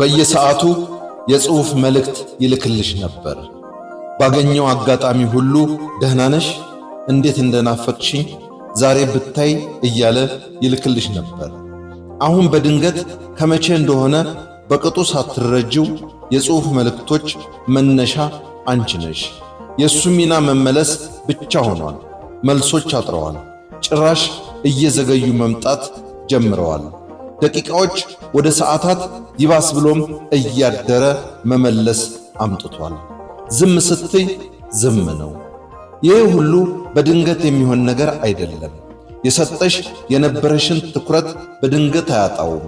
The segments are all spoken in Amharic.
በየሰዓቱ የጽሑፍ መልእክት ይልክልሽ ነበር። ባገኘው አጋጣሚ ሁሉ ደህናነሽ! እንዴት እንደናፈቅሽኝ ዛሬ ብታይ እያለ ይልክልሽ ነበር። አሁን በድንገት ከመቼ እንደሆነ በቅጡ ሳትረጅው የጽሑፍ መልእክቶች መነሻ አንቺ ነሽ። የእሱ ሚና መመለስ ብቻ ሆኗል። መልሶች አጥረዋል። ጭራሽ እየዘገዩ መምጣት ጀምረዋል። ደቂቃዎች ወደ ሰዓታት ይባስ ብሎም እያደረ መመለስ አምጥቷል። ዝም ስትይ ዝም ነው። ይህ ሁሉ በድንገት የሚሆን ነገር አይደለም። የሰጠሽ የነበረሽን ትኩረት በድንገት አያጣውም።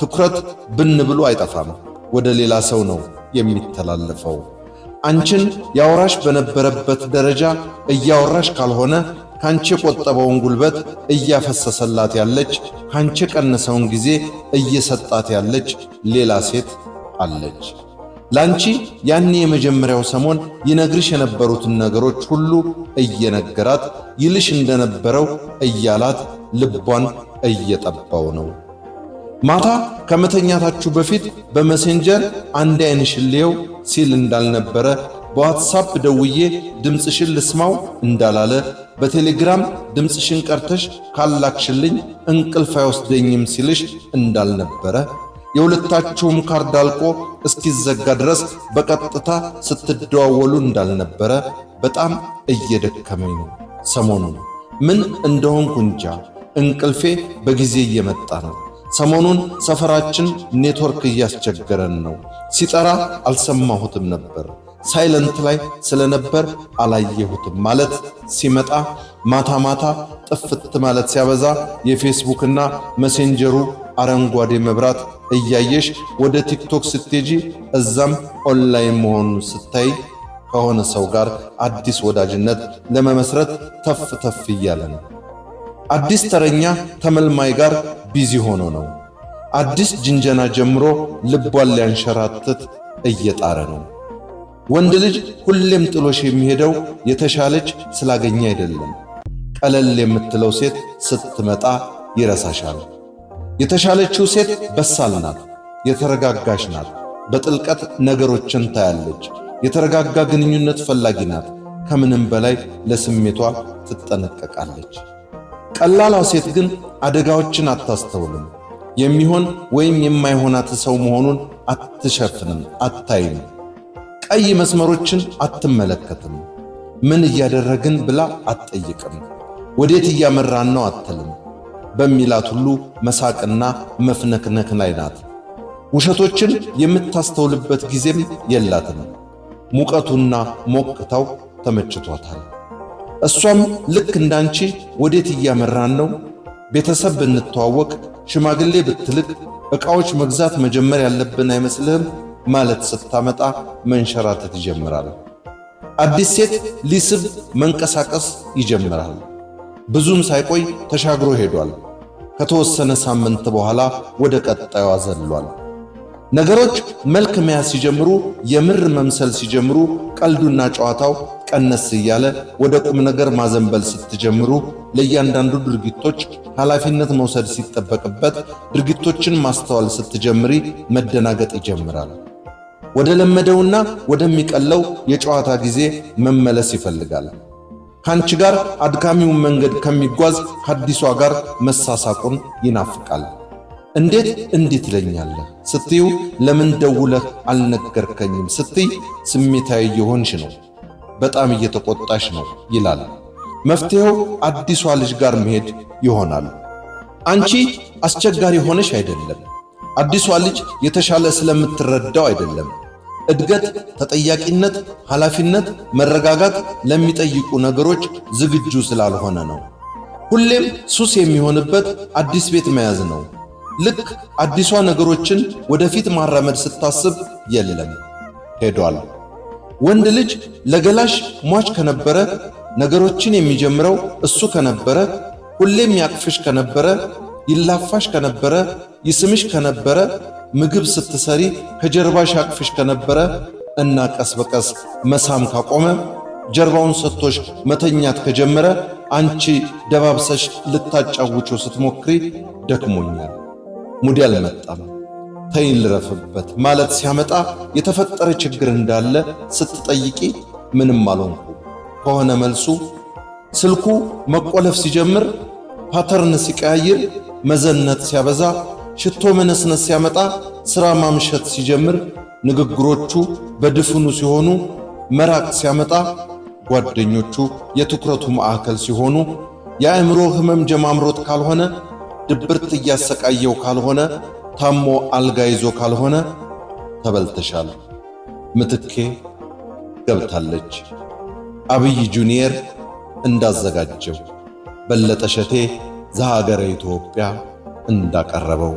ትኩረት ብን ብሎ አይጠፋም፣ ወደ ሌላ ሰው ነው የሚተላለፈው። አንቺን ያወራሽ በነበረበት ደረጃ እያወራሽ ካልሆነ ካንቺ የቆጠበውን ጉልበት እያፈሰሰላት ያለች፣ ካንቺ የቀነሰውን ጊዜ እየሰጣት ያለች ሌላ ሴት አለች። ላንቺ ያኔ የመጀመሪያው ሰሞን ይነግርሽ የነበሩትን ነገሮች ሁሉ እየነገራት ይልሽ እንደነበረው እያላት ልቧን እየጠባው ነው። ማታ ከመተኛታችሁ በፊት በመሴንጀር አንድ አይንሽልየው ሲል እንዳልነበረ በዋትሳፕ ደውዬ ድምፅሽን ልስማው እንዳላለ በቴሌግራም ድምፅሽን ቀርተሽ ካላክሽልኝ እንቅልፍ አይወስደኝም ሲልሽ እንዳልነበረ የሁለታችሁም ካርድ አልቆ እስኪዘጋ ድረስ በቀጥታ ስትደዋወሉ እንዳልነበረ በጣም እየደከመኝ ነው። ሰሞኑን ምን እንደሆንኩ እንጃ እንቅልፌ በጊዜ እየመጣ ነው። ሰሞኑን ሰፈራችን ኔትወርክ እያስቸገረን ነው። ሲጠራ አልሰማሁትም ነበር። ሳይለንት ላይ ስለነበር አላየሁትም ማለት ሲመጣ ማታ ማታ ጥፍት ማለት ሲያበዛ የፌስቡክና መሴንጀሩ አረንጓዴ መብራት እያየሽ ወደ ቲክቶክ ስትሄጂ እዛም ኦንላይን መሆኑን ስታይ ከሆነ ሰው ጋር አዲስ ወዳጅነት ለመመስረት ተፍ ተፍ እያለ ነው። አዲስ ተረኛ ተመልማይ ጋር ቢዚ ሆኖ ነው። አዲስ ጅንጀና ጀምሮ ልቧን ሊያንሸራትት እየጣረ ነው። ወንድ ልጅ ሁሌም ጥሎሽ የሚሄደው የተሻለች ስላገኘ አይደለም። ቀለል የምትለው ሴት ስትመጣ ይረሳሻል። የተሻለችው ሴት በሳል ናት፣ የተረጋጋሽ ናት፣ በጥልቀት ነገሮችን ታያለች፣ የተረጋጋ ግንኙነት ፈላጊ ናት፣ ከምንም በላይ ለስሜቷ ትጠነቀቃለች። ቀላሏ ሴት ግን አደጋዎችን አታስተውልም። የሚሆን ወይም የማይሆናት ሰው መሆኑን አትሸፍንም፣ አታይም። ቀይ መስመሮችን አትመለከትም። ምን እያደረግን ብላ አትጠይቅም። ወዴት እያመራን ነው አትልም። በሚላት ሁሉ መሳቅና መፍነክነክ ላይ ናት። ውሸቶችን የምታስተውልበት ጊዜም የላትም። ሙቀቱና ሞቅታው ተመችቷታል። እሷም ልክ እንዳንቺ ወዴት እያመራን ነው፣ ቤተሰብ ብንተዋወቅ፣ ሽማግሌ ብትልቅ፣ ዕቃዎች መግዛት መጀመር ያለብን አይመስልህም ማለት ስታመጣ መንሸራተት ይጀምራል። አዲስ ሴት ሊስብ መንቀሳቀስ ይጀምራል። ብዙም ሳይቆይ ተሻግሮ ሄዷል። ከተወሰነ ሳምንት በኋላ ወደ ቀጣዩ ዘሏል። ነገሮች መልክ መያዝ ሲጀምሩ፣ የምር መምሰል ሲጀምሩ፣ ቀልዱና ጨዋታው ቀነስ እያለ ወደ ቁም ነገር ማዘንበል ስትጀምሩ፣ ለእያንዳንዱ ድርጊቶች ኃላፊነት መውሰድ ሲጠበቅበት ድርጊቶችን ማስተዋል ስትጀምሪ መደናገጥ ይጀምራል። ወደ ለመደውና ወደሚቀለው የጨዋታ ጊዜ መመለስ ይፈልጋል። ከአንቺ ጋር አድካሚውን መንገድ ከሚጓዝ ከአዲሷ ጋር መሳሳቁን ይናፍቃል። እንዴት እንዲህ ትለኛለህ ስትዩ ለምን ደውለህ አልነገርከኝም ስትይ ስሜታዊ የሆንሽ ነው፣ በጣም እየተቆጣሽ ነው ይላል። መፍትሄው አዲሷ ልጅ ጋር መሄድ ይሆናል። አንቺ አስቸጋሪ ሆነሽ አይደለም፣ አዲሷ ልጅ የተሻለ ስለምትረዳው አይደለም እድገት፣ ተጠያቂነት፣ ኃላፊነት፣ መረጋጋት ለሚጠይቁ ነገሮች ዝግጁ ስላልሆነ ነው። ሁሌም ሱስ የሚሆንበት አዲስ ቤት መያዝ ነው። ልክ አዲሷ ነገሮችን ወደፊት ማራመድ ስታስብ የለም ሄዷል። ወንድ ልጅ ለገላሽ ሟች ከነበረ ነገሮችን የሚጀምረው እሱ ከነበረ ሁሌም ያቅፍሽ ከነበረ ይላፋሽ ከነበረ ይስምሽ ከነበረ ምግብ ስትሰሪ ከጀርባሽ አቅፍሽ ከነበረ እና ቀስ በቀስ መሳም ካቆመ ጀርባውን ሰጥቶሽ መተኛት ከጀመረ አንቺ ደባብሰሽ ልታጫውቾ ስትሞክሪ ደክሞኛል፣ ሙዲ አልመጣም፣ ተይን ልረፍበት ማለት ሲያመጣ የተፈጠረ ችግር እንዳለ ስትጠይቂ ምንም አልሆንኩ ከሆነ መልሱ ስልኩ መቆለፍ ሲጀምር ፓተርን ሲቀያይር መዘነት ሲያበዛ ሽቶ መነስነስ ሲያመጣ ሥራ ማምሸት ሲጀምር ንግግሮቹ በድፍኑ ሲሆኑ፣ መራቅ ሲያመጣ ጓደኞቹ የትኩረቱ ማዕከል ሲሆኑ፣ የአእምሮ ሕመም ጀማምሮት ካልሆነ፣ ድብርት እያሰቃየው ካልሆነ፣ ታሞ አልጋ ይዞ ካልሆነ ተበልተሻል፣ ምትኬ ገብታለች። አብይ ጁኒየር እንዳዘጋጀው በለጠ ሸቴ ዘሀገረ ኢትዮጵያ እንዳቀረበው